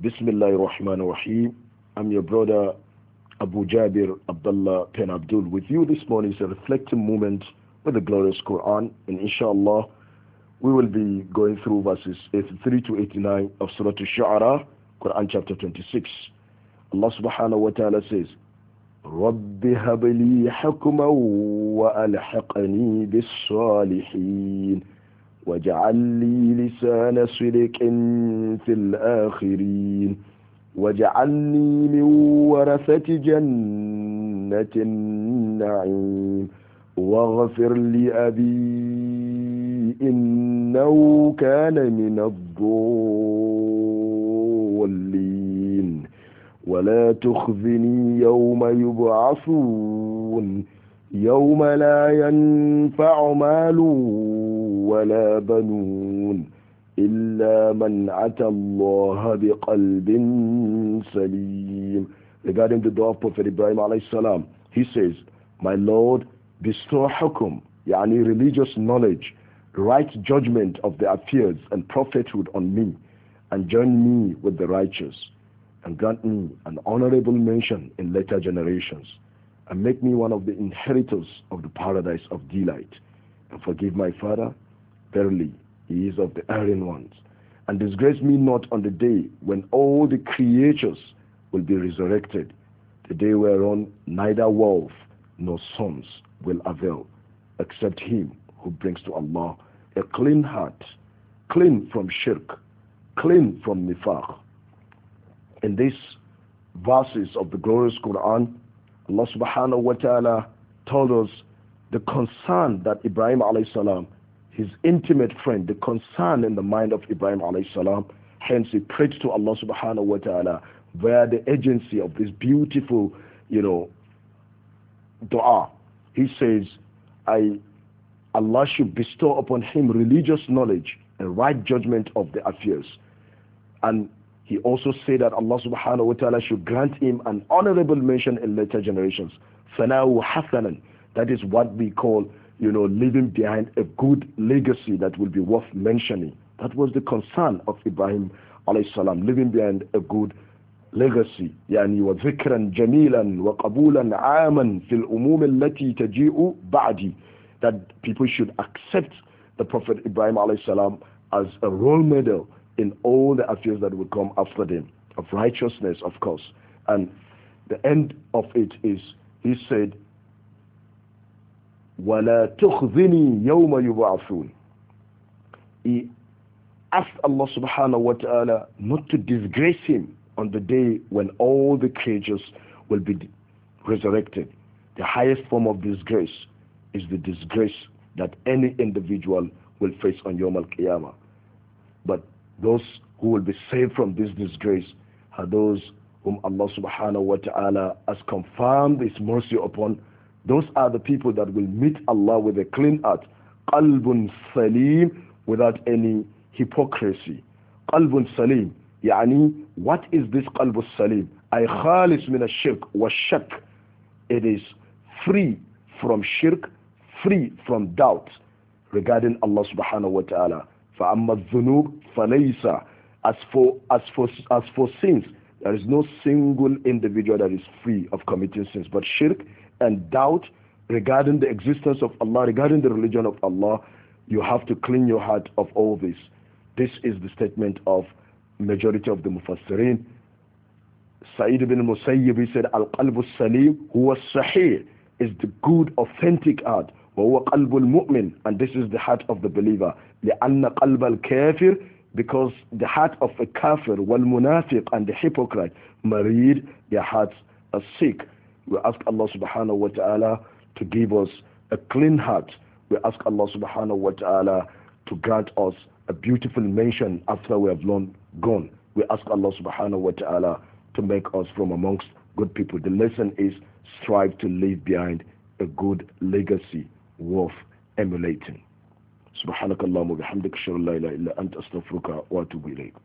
Bismillah ar-Rahman ar-Rahim. I'm your brother Abu Jabir Abdullah Pen Abdul. With you this morning is a reflective moment with the glorious Quran, and inshallah, we will be going through verses 83 to 89 of Surah Al-Shu'ara, Quran chapter 26. Allah subhanahu wa ta'ala says, رب هب لي حكما وألحقني بالصالحين واجعل لي لسان صدق في الآخرين واجعلني من ورثة جنة النعيم واغفر لأبي إنه كان من الضالين ولا تخزني يوم يبعثون يوم لا ينفع مال ولا بنون إلا من أتى الله بقلب سليم Regarding the dua of Prophet Ibrahim alayhi he says, My Lord, bestow hukum, yani religious knowledge, right judgment of the affairs and prophethood on me, and join me with the righteous, and grant me an honorable mention in later generations and make me one of the inheritors of the paradise of delight. And forgive my father, verily, he is of the erring ones. And disgrace me not on the day when all the creatures will be resurrected, the day whereon neither wealth nor sons will avail, except him who brings to Allah a clean heart, clean from shirk, clean from nifaq. In these verses of the glorious Quran, Allah subhanahu wa ta'ala told us the concern that Ibrahim alayhi salam, his intimate friend, the concern in the mind of Ibrahim alayhi salam, hence he prayed to Allah subhanahu wa ta'ala via the agency of this beautiful, you know, dua. He says, I, Allah should bestow upon him religious knowledge and right judgment of the affairs. And he also said that Allah subhanahu wa ta'ala should grant him an honorable mention in later generations. Fanahu hasanan. That is what we call, you know, leaving behind a good legacy that will be worth mentioning. That was the concern of Ibrahim alayhi salam, leaving behind a good legacy يعني وذكرا جميلا وقبولا عاما في الأموم التي تجيء بعدي that people should accept the Prophet Ibrahim alayhi salam as a role model in all the affairs that will come after them, of righteousness, of course. And the end of it is, he said, وَلَا تُخْذِنِي يَوْمَ يُبْعَثُونَ He asked Allah subhanahu wa ta'ala not to disgrace him on the day when all the creatures will be resurrected. The highest form of disgrace is the disgrace that any individual will face on Yom Al-Qiyamah. But those who will be saved from this disgrace are those whom Allah subhanahu wa ta'ala has confirmed His mercy upon. Those are the people that will meet Allah with a clean heart. Qalbun salim, without any hypocrisy. Qalbun salim, yani, what is this qalbun salim? I khalis min ash-shirk wa shak. It is free from shirk, free from doubt regarding Allah subhanahu wa ta'ala. فَأَمَّا الذُّنُوبُ فَلَيْسَ as for, as, for, as for sins, there is no single individual that is free of committing sins. But shirk and doubt regarding the existence of Allah, regarding the religion of Allah, you have to clean your heart of all this. This is the statement of majority of the Mufassirin. Sa'id ibn Musayyib, he said, Al-Qalbu Salim, huwa sahih, is the good, authentic heart. وهو قلب المؤمن and this is the heart of the believer لأن قلب الكافر because the heart of a kafir والمنافق and the hypocrite married their hearts are sick we ask Allah subhanahu wa ta'ala to give us a clean heart we ask Allah subhanahu wa ta'ala to grant us a beautiful mention after we have long gone we ask Allah subhanahu wa ta'ala to make us from amongst good people the lesson is strive to leave behind a good legacy worth emulating. Subhanakallah, wa bihamdika, anta astaghfiruka wa atubu ilayk.